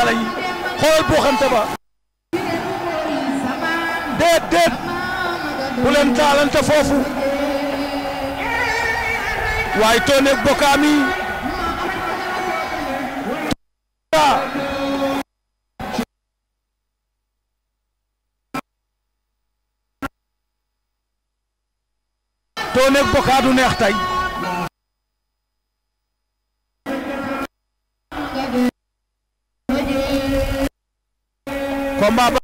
xale yi xoolal buuxante ba déet déet bu leen taalante du neex tey combat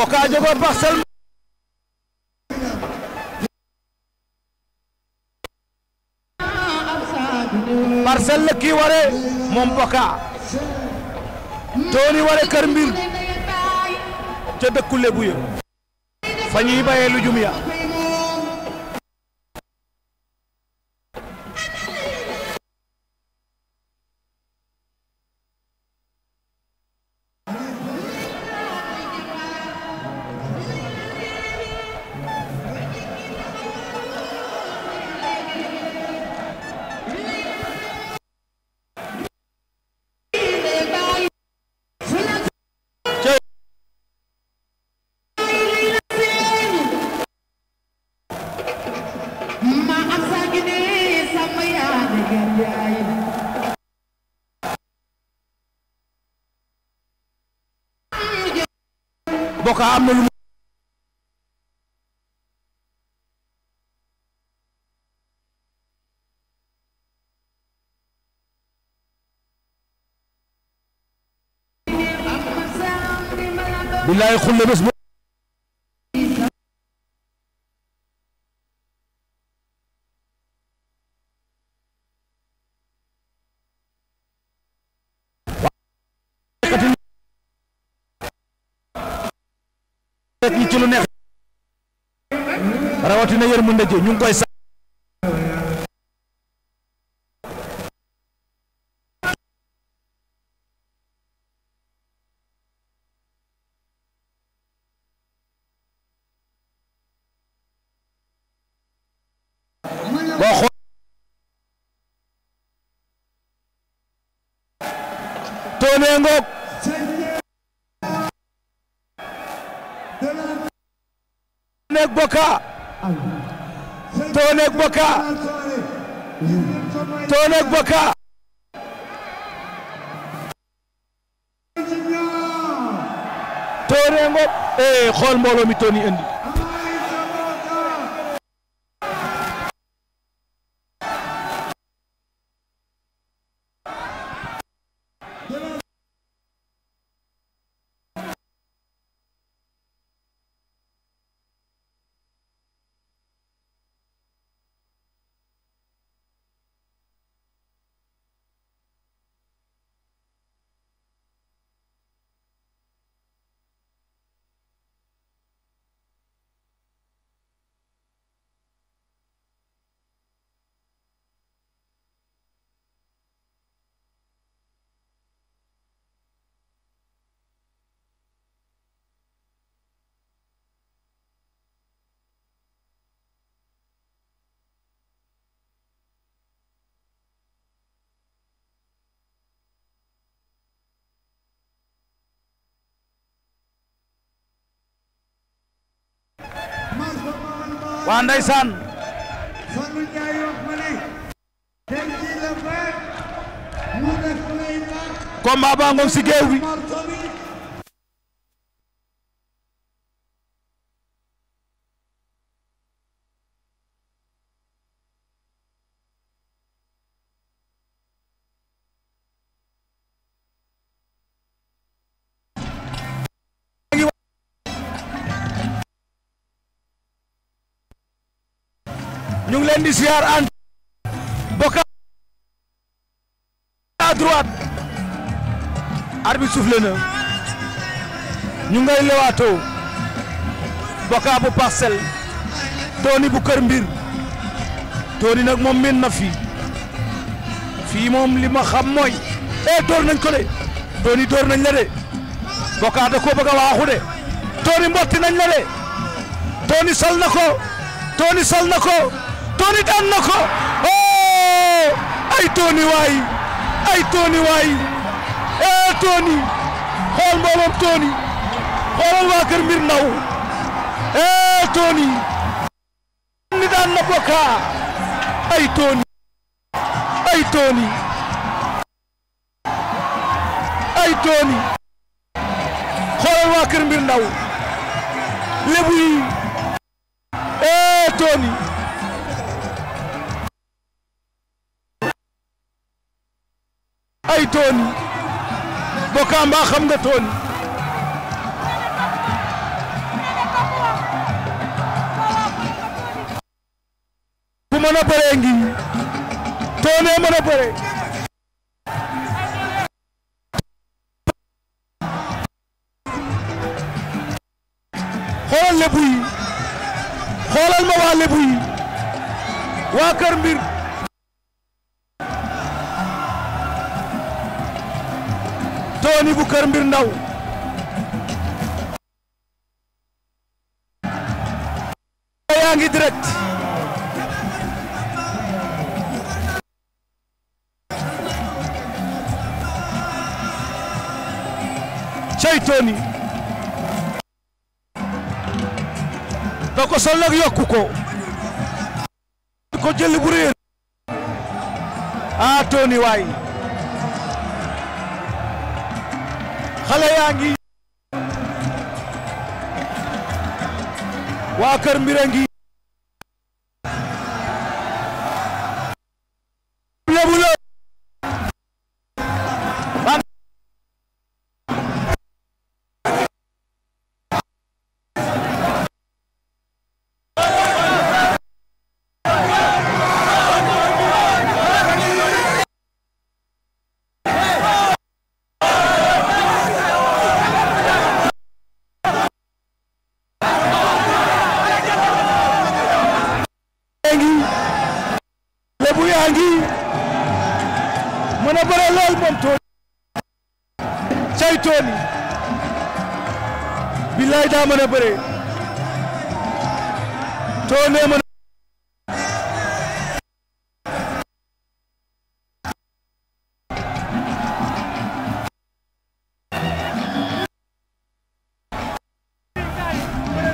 ko ka jogo ware moom boka tooni ware kër mbir ca dëkku lebu ya fa ñuy bayee ya Maguette Ndiaye boka am na lu def ñu ci lu neex rawatina yërmande ji ñu ngi koy sax Toneek Boka Toneek Boka Toneek Boka Toneek Boka eh xool mbooloo mi Tony indi waa ndeysaan Fallou Ndiaye si géew bi ñu ngi leen di siyaar an boka droite arbitre soufflé na ñu ngay lewaatoo boka bu parcelle tooni bu kër mbir tooni nag moom min na fii fii moom li ma xam mooy e door nañ ko de tooni door nañ la de boka da ko bëgg waaxu de tooni mbotti nañ la de tooni sal na ko tooni sal na ko Tony daan na ko oh ay Tony waay ay Tony waay eh Tony xool mbooloom waa kër mbir ndaw eh Tony ni daan waa kër mbir ndaw lébu yi eh Tony ay Tony Boka mbaa xam nga Tony ku mën a bëree ngi Tony mën a bëree xoolal lébu yi xoolal ma waa lébu yi waa kër mbir Tony bu kër mbir ndaw yaa ngi direct cey Tony da ko sol nag yokku ko ko jëli bu réer a ah, Tony waay xale yaa ngi waa kër mbir a ngi Ndiaye daa mën a bëre Tonné mën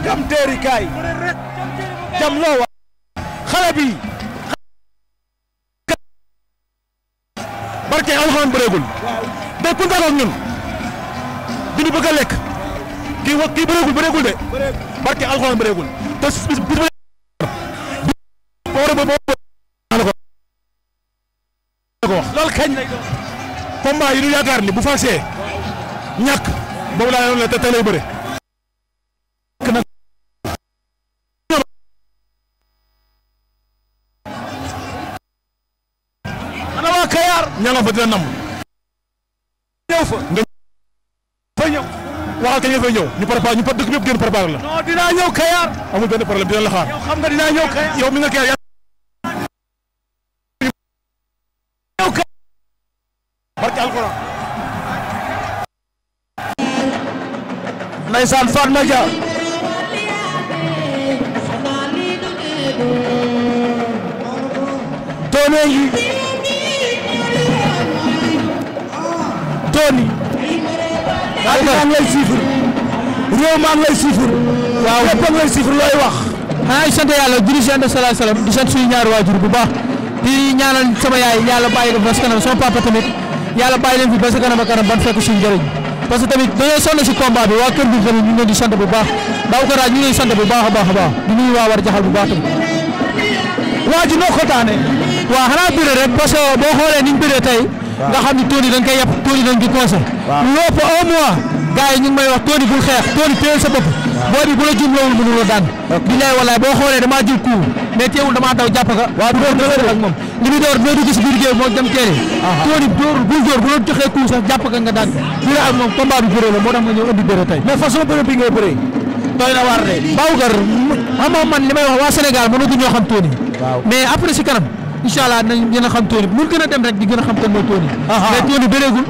jam teeri kaay jam loo wax xale bi barke alxuraan bëreegul day kuntaroog ñun duñu bëgg a lekk kii wa kii bëreegul bëreegul de. barke alxuraan bëreegul bis bis bu loolu kañ lay doon. combat yi ñu yaakaar ni bu fasee ñàkk boobu laa yoon la te tey lay bëre. fa dina nam. ñëw waxal kañ nga fay ñëw ñu préparé ñu par dëkk bi yëpp génn préparé la. non dinaa ñëw Kayar. amul benn problème dina la xaar. yow xam nga dinaa ñëw Kayar. yow mi nga Kayar. barke alxuraan. ndeysaan Fatma Dia. Tony. Tony. maa ngi lay siifur réew maa ngi lay siifur. waaw lépp a ngi lay siifur looy wax. maa ngi sant yàlla jërëjëf Seydou Salah Salam di sant suñu ñaari waajur bu baax di sama yaay yàlla bàyyi ko ba sa kanam sama papa tamit yàlla bàyyi leen fi ba sa kanam ak kanam ban fekk suñu njëriñ parce que tamit dañoo sonn si combat waa kër tamit ñu ngi leen di sant di sant bu baax a baax a baax di waa war jaxal bu baax tamit. ni ñu bëree nga xam ni tuuti dañ Tony dañ ko conseil loo fa un mois gars yi ñu ngi may wax Tony bul xeex Tony téyel sa bopp boo bi bu la jumlawul mënuloo daan bilaay walaay boo xoolee damaa jël coup mais teewul damaa daw jàpp ka waaw du door dëgër li mu door doo dugg si biir géew moom jam bul dóor bu la joxee coup sax jàpp ka nga daan bëre moom combat bi moo tax nga ñëw indi bëre tey façon bëre bi ngay bëre doy na waar de Baougar man li may wax waa Sénégal mënaguñoo xam Tony mais après si kanam incha allah nañ gën a xam Tony bu gën a dem rek di gën a xam kan mooy Tony. mais Tony bëreegul.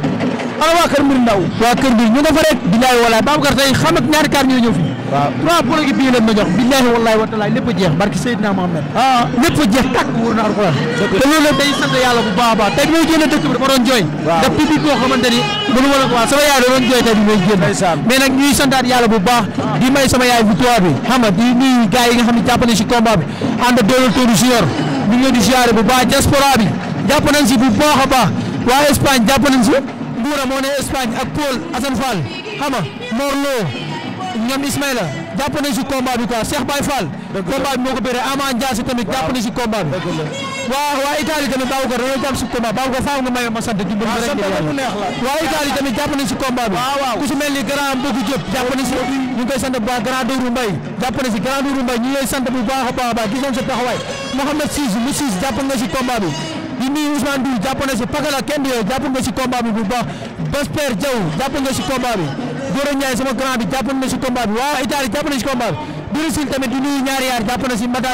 ana waa Kër Mbir Ndaw. waa Kër Mbir ñu nga fa rek. billahi wallahi Babacar tey xam ak ñaari kaar ñoo ñëw fii. waaw trois pono gi bii leen ma jox billahi wallahi wa taala lépp a jeex barki Seydina Mohamed. ah lépp a jeex tàkk wóor na alquran. te loolu day sant yàlla bu baax a baax tey bi may génne dëkk bi dafa doon jooy. waaw daf public boo xamante ni mënu ma la ko wax sama yaay da doon jooy tey bi may génn. mais nag ñuy santaat yàlla bu baax. di may sama yaay victoire bi xam nga di nuyu gars yi nga xam ne jàpp nañ si combat bi ànd doolal Tony Junior ñu ngi di ziare bu baax diaspora bi jàpp nañ si bu baax a baax waa Espagne jàpp nañ si Ndoura moo ne Espagne ak Paul Assane Fall xam nga Mor Lo ñoom Ismaïla jàpp nañ si combat bi quoi Cheikh Baye Fall. moo ko béré Ama Ndiaye tamit jàpp nañ si combat waaw waaye Italie tamit Babacar dañoo jàpp nga mayoon ma sant di bëgg rek mu neex la bi ku si mel ni grand bëgg jëpp jàpp a baax a si combat bi di nuyu Ousmane Dour jàpp na si Pakala kenn du yow jàpp nga bi bu Basper Diaw jàpp nga bi Gora Ndiaye sama grand bi jàpp na si combat bi waaw Italie jàpp na si combat bi Brésil tamit di nuyu ñaari yaar jàpp na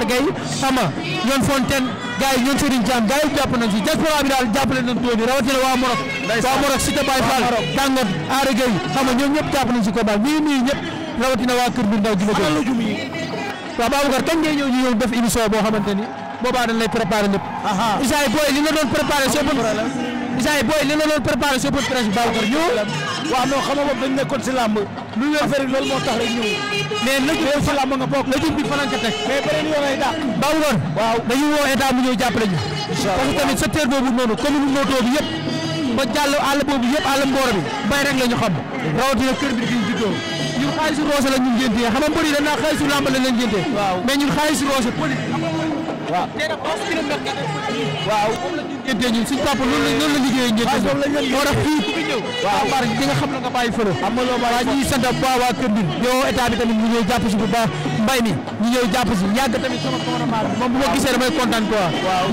Ama Yon Fontaine gars yi ñoom Serigne Thiam gars yi jàpp nañ si diaspora bi daal jàppale nañ tóo rawatina waa Morok waa Morok Cité Baye Fall Dangot Aare Gueye xam nga ñoom ñëpp jàpp nañ si combat nii ñëpp rawatina waa Kër Mbir Ndaw ji la waaw Babacar kañ ngay ñëw def émission boo xamante ni boobaa dañ lay préparé lépp Issa Boy li nga doon préparé soo Bisaay booy li la doon préparé sa bët presse Babacar ñëw. waaw non xam nga boobu si làmb. lu ñu affaire loolu moo tax rek ñëw. mais lëjum si làmb nga bokk lëjum bi woo état mu ñëw jàppale ñu. parce que tamit secteur boobu noonu commune Noto bi yëpp. ba jàll àll boobu yëpp àll mbooro bi. mbay rek la ñu xam. rawatina kër bi ñu juddoo. ñun xaalisu roose la ñu ngéntee xam nga mbëri dañ naa xaalisu làmb la ñu ngéntee. waaw waaw waaw ngénte ñun suñu papa loolu la loolu la liggéeyee ngénte ñun waaw bar di nga xam nga bàyyi fële xam loo baax waaw ñuy sant bu baax waa kër bi yow état bi si bu baax mbay mi ñu ñëw jàpp si yàgg tamit sama cameraman moom bu ma gisee damay kontaan quoi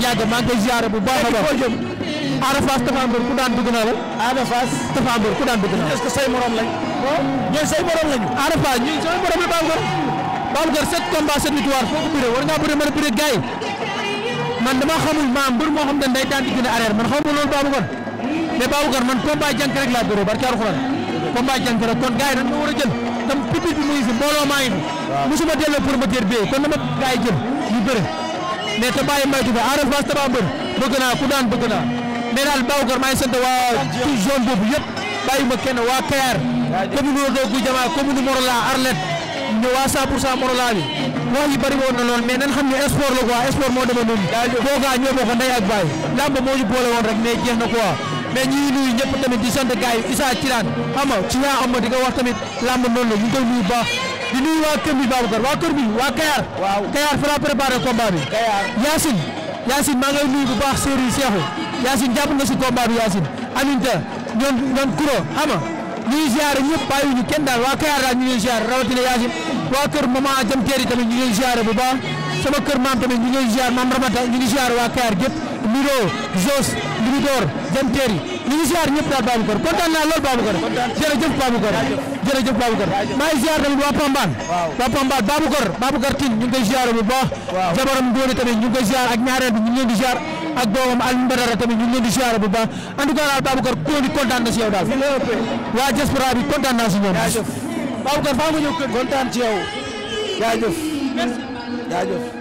yàgg maa ngi koy a baax Ada Fass Tapha Mbeur ku daan bëgg na la Ada Fass Tapha Mbeur ku daan bëgg na la est-ce que say morom lañ ñooy say morom lañu Ada Fass ñun say morom la Babacar sept combats sept victoire foo ko bëree war ngaa bëree mën a bëree gars yi man xamul maam mbër moo xam ne day daan di gën a man xamuma loolu Babacar mais Babacar man combat jànk rek laa bëree barki alxuraan combat jànk rek kon gars yi dañ ma war a jël tam public bi mu ngi fi mbooloo maa ngi fi musuma delloo promoteur bi kon dama gars yi jël ñu bëre mais te bàyyi maytu ba Ada Fass taba mbër bëgg naa ku daan bëgg naa mais daal Babacar maa ngi sant waa tout ma kenn waa Kayar commune Rodo Goudiama commune Morola ne waa 100 pour 100 Morolan bi wax yi bëri woon na lool mais nan xam ne sport la quoi sport moo demee noonu. daal boo gaa ñoo bokk ndey ak baay làmb moo ñu woon rek mais jeex na quoi mais ñi ngi nuyu ñëpp tamit di sant gars yi Issa Thirane xam ci ñaa am di nga wax tamit làmb noonu la ñu koy baax di nuyu waa kër bi Babacar waa kër waa Kayar. waaw Kayar fa la préparé combat maa ngay nuyu bu baax Serigne Cheikhou Yacine jàpp nga si combat bi Yacine ñu ngi ziar ñëpp bàyyiwuñu kenn daal waa Kayar daal ñu ngi ziar rawatina Yacine waa kër maman Jam Teeri tamit ñu ngi ziar bu baax sama kër maam tamit ñu ngi ziar maam Ramata ñu ngi ziar waa Kayar gépp Miro Jos Libidor Jam Teeri ñu ngi ziar ñëpp daal Babacar kontaan naa lool Babacar jërëjëf Babacar ñu ngi koy ziar bu ñu ñu ngi leen ak doomam Alioune Badara tamit ñu ngi leen di ziare bu baax en tout cas daal Babacar kontaan na si yow daal. waa diaspora a kontaan naa si ñoom. jaajëf Babacar faa ma kontaan ci yow jaajëf